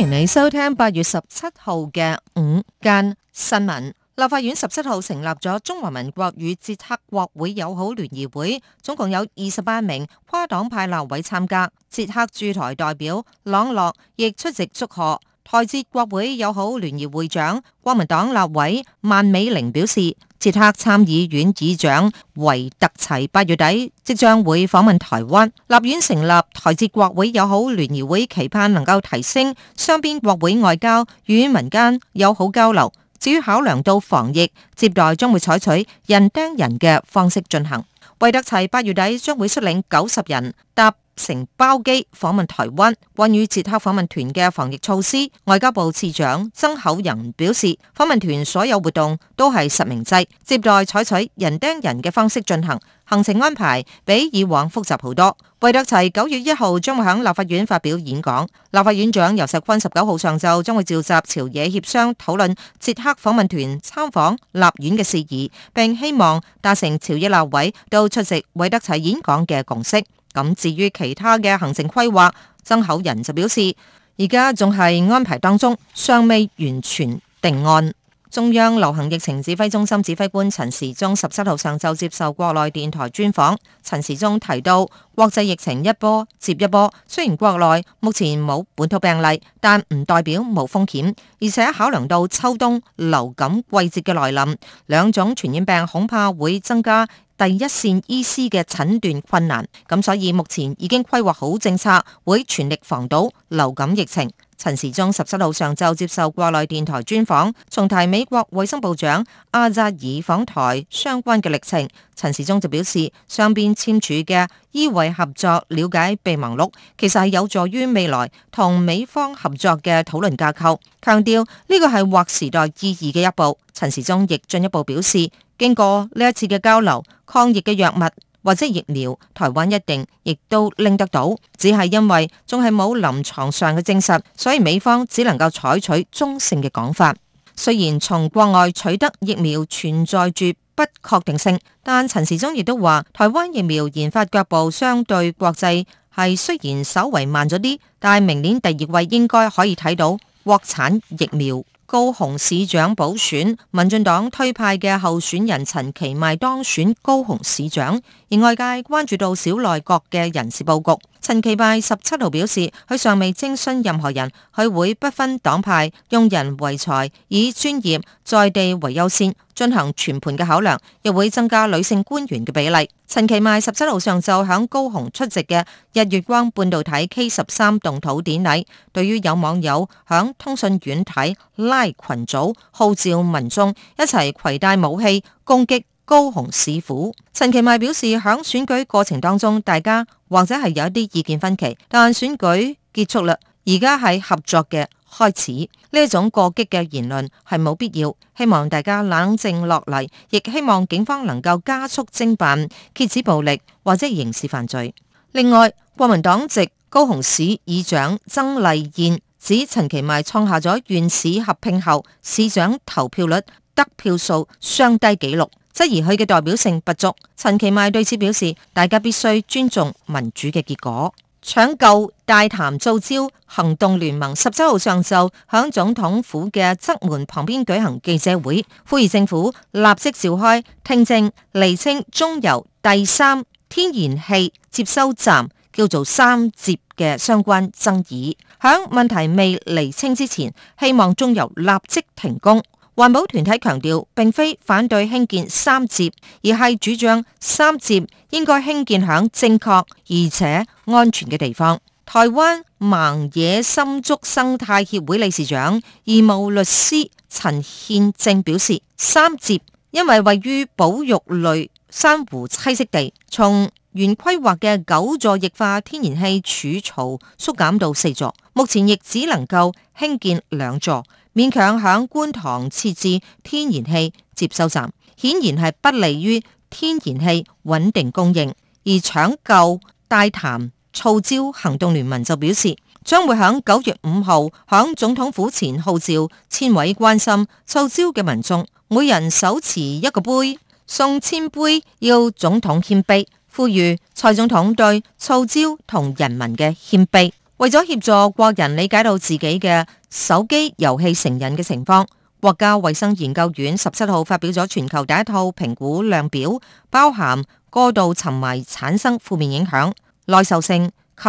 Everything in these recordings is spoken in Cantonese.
歡迎你收聽八月十七號嘅午間新聞。立法院十七號成立咗中華民國與捷克國會友好聯誼會，總共有二十八名跨黨派立委參加，捷克駐台代表朗諾亦出席祝賀。台捷國會友好聯誼會長、國民黨立委萬美玲表示，捷克參議院議長維特齊八月底即將會訪問台灣。立院成立台捷國會友好聯誼會，期盼能夠提升雙邊國會外交與民間友好交流。至於考量到防疫，接待將會採取人盯人嘅方式進行。維特齊八月底將會率領九十人搭答乘包機訪問台灣，關於捷克訪問團嘅防疫措施，外交部次長曾厚仁表示，訪問團所有活動都係實名制，接待採取人盯人嘅方式進行，行程安排比以往複雜好多。韋德齊九月一號將會喺立法院發表演講，立法院長游錫堃十九號上晝將會召集朝野協商，討論捷克訪問團參訪立院嘅事宜，並希望達成朝野立委都出席韋德齊演講嘅共識。咁至於其他嘅行程規劃，曾口人就表示，而家仲係安排當中，尚未完全定案。中央流行疫情指揮中心指揮官陳時中十七號上晝接受國內電台專訪，陳時中提到，國際疫情一波接一波，雖然國內目前冇本土病例，但唔代表冇風險，而且考量到秋冬流感季節嘅來臨，兩種傳染病恐怕會增加。第一線醫師嘅診斷困難，咁所以目前已經規劃好政策，會全力防堵流感疫情。陳時中十七號上晝接受國內電台專訪，重提美國衞生部長阿扎爾訪台相關嘅歷程。陳時中就表示，雙邊簽署嘅醫衞合作了解備忘錄，其實係有助於未來同美方合作嘅討論架構，強調呢個係劃時代意義嘅一步。陳時中亦進一步表示。經過呢一次嘅交流，抗疫嘅藥物或者疫苗，台灣一定亦都拎得到。只係因為仲係冇臨床上嘅證實，所以美方只能夠採取中性嘅講法。雖然從國外取得疫苗存在住不確定性，但陳時中亦都話，台灣疫苗研發腳步相對國際係，雖然稍為慢咗啲，但係明年第二季應該可以睇到國產疫苗。高雄市長補選，民進黨推派嘅候選人陳其邁當選高雄市長，而外界關注到小內閣嘅人事佈局。陳其邁十七號表示，佢尚未徵詢任何人，佢會不分黨派，用人唯才，以專業在地為優先，進行全盤嘅考量，又會增加女性官員嘅比例。陳其邁十七號上晝響高雄出席嘅日月光半導體 K 十三動土典禮，對於有網友響通訊軟體拉群組號召民眾一齊攜帶武器攻擊。高雄市府陳其邁表示，響選舉過程當中，大家或者係有一啲意見分歧，但選舉結束啦，而家係合作嘅開始。呢一種過激嘅言論係冇必要，希望大家冷靜落嚟，亦希望警方能夠加速偵辦，揭止暴力或者刑事犯罪。另外，國民黨籍高雄市議長曾麗燕指，陳其邁創下咗縣市合併後市長投票率得票數雙低紀錄。質疑佢嘅代表性不足，陳其邁對此表示，大家必須尊重民主嘅結果。搶救大潭藻礁，行動聯盟十七號上晝響總統府嘅側門旁邊舉行記者會，呼籲政府立即召開聽證，厘清中油第三天然氣接收站叫做三接嘅相關爭議。響問題未厘清之前，希望中油立即停工。環保團體強調，並非反對興建三接，而係主張三接應該興建喺正確而且安全嘅地方。台灣蠻野心足生態協會理事長、義務律師陳憲政表示，三接因為位於保育類珊瑚棲息地，從原規劃嘅九座液化天然氣儲槽縮減到四座，目前亦只能夠興建兩座。勉強響觀塘設置天然氣接收站，顯然係不利於天然氣穩定供應。而搶救大潭藻礁行動聯盟就表示，將會響九月五號響總統府前號召千位關心藻礁嘅民眾，每人手持一個杯，送千杯要總統謙卑，呼籲蔡總統對藻礁同人民嘅謙卑。為咗協助國人理解到自己嘅手機遊戲成癮嘅情況，國家衛生研究院十七號發表咗全球第一套評估量表，包含過度沉迷產生負面影響、耐受性及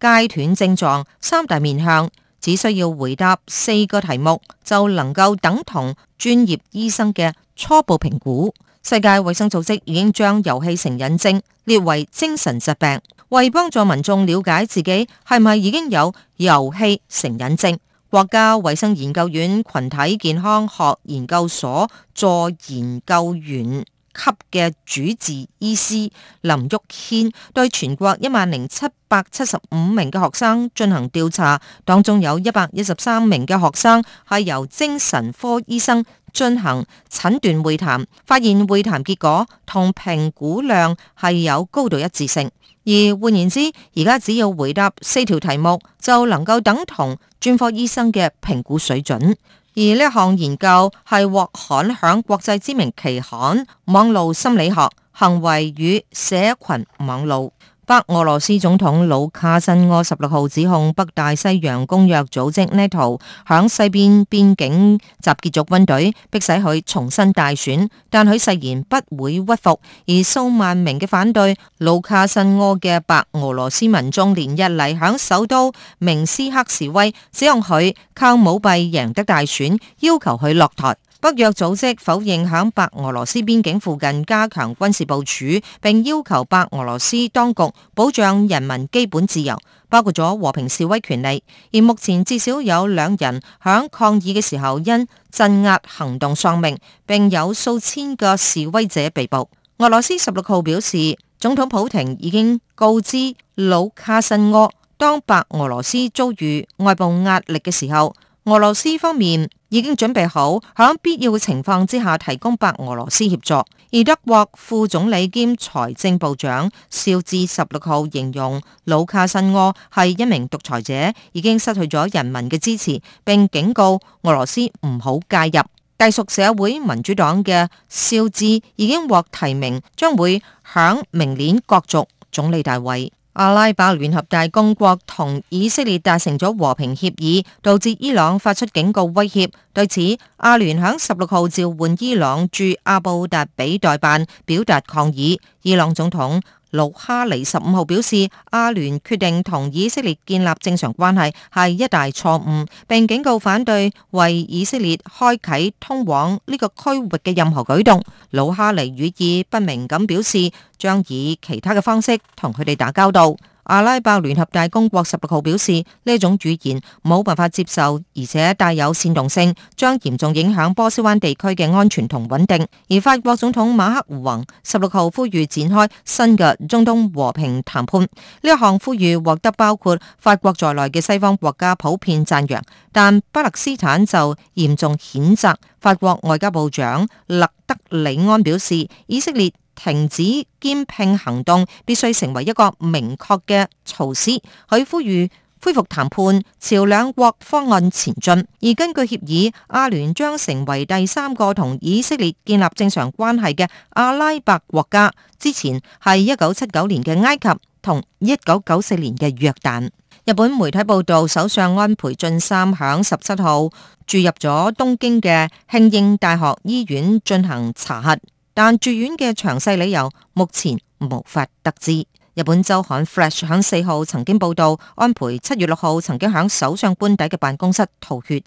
戒斷症狀三大面向，只需要回答四個題目，就能夠等同專業醫生嘅初步評估。世界衛生組織已經將遊戲成癮症列為精神疾病。為幫助民眾了解自己係咪已經有遊戲成癮症，國家衛生研究院群體健康學研究所助研究員級嘅主治醫師林玉軒對全國一萬零七百七十五名嘅學生進行調查，當中有一百一十三名嘅學生係由精神科醫生進行診斷會談，發現會談結果同評估量表係有高度一致性。而換言之，而家只要回答四條題目就能夠等同專科醫生嘅評估水準。而呢一項研究係獲刊響國際知名期刊《網路心理學：行為與社群網路》。北俄羅斯總統盧卡申柯十六號指控北大西洋公約組織 （NATO） 響西邊邊境集結咗軍隊，迫使佢重新大選，但佢誓言不會屈服。而數萬名嘅反對盧卡申柯嘅白俄羅斯民眾連日嚟響首都明斯克示威，指控佢靠舞弊贏得大選，要求佢落台。北約組織否認喺白俄羅斯邊境附近加強軍事部署，並要求白俄羅斯當局保障人民基本自由，包括咗和平示威權利。而目前至少有兩人喺抗議嘅時候因鎮壓行動喪命，並有數千個示威者被捕。俄羅斯十六號表示，總統普廷已經告知魯卡申柯，當白俄羅斯遭遇外部壓力嘅時候，俄羅斯方面。已經準備好喺必要嘅情況之下提供白俄羅斯協助，而德國副總理兼財政部長紹智十六號形容魯卡申柯係一名獨裁者，已經失去咗人民嘅支持，並警告俄羅斯唔好介入。隸屬社會民主黨嘅紹智已經獲提名，將會響明年角逐總理大位。阿拉伯聯合大公國同以色列達成咗和平協議，導致伊朗發出警告威脅。對此，阿聯響十六號召喚伊朗駐阿布達比代辦，表達抗議。伊朗總統魯哈尼十五號表示，阿聯決定同以色列建立正常關係係一大錯誤，並警告反對為以色列開啟通往呢個區域嘅任何舉動。魯哈尼語意不明咁表示，將以其他嘅方式同佢哋打交道。阿拉伯聯合大公國十六號表示，呢種語言冇辦法接受，而且帶有煽動性，將嚴重影響波斯灣地區嘅安全同穩定。而法國總統馬克宏十六號呼籲展開新嘅中東和平談判。呢一項呼籲獲得包括法國在內嘅西方國家普遍讚揚，但巴勒斯坦就嚴重譴責。法國外交部長勒德里安表示，以色列，停止兼併行動必須成為一個明確嘅措施。佢呼籲恢復談判，朝兩國方案前進。而根據協議，阿聯將成為第三個同以色列建立正常關係嘅阿拉伯國家，之前係一九七九年嘅埃及同一九九四年嘅約旦。日本媒體報道，首相安倍晉三響十七號住入咗東京嘅慶應大學醫院進行查核。但住院嘅詳細理由目前無法得知。日本周刊《Flash》喺四號曾經報道，安倍七月六號曾經喺首相官邸嘅辦公室吐血。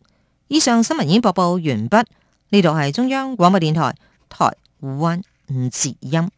以上新聞已經播報完畢。呢度係中央廣播電台，台灣吳志音。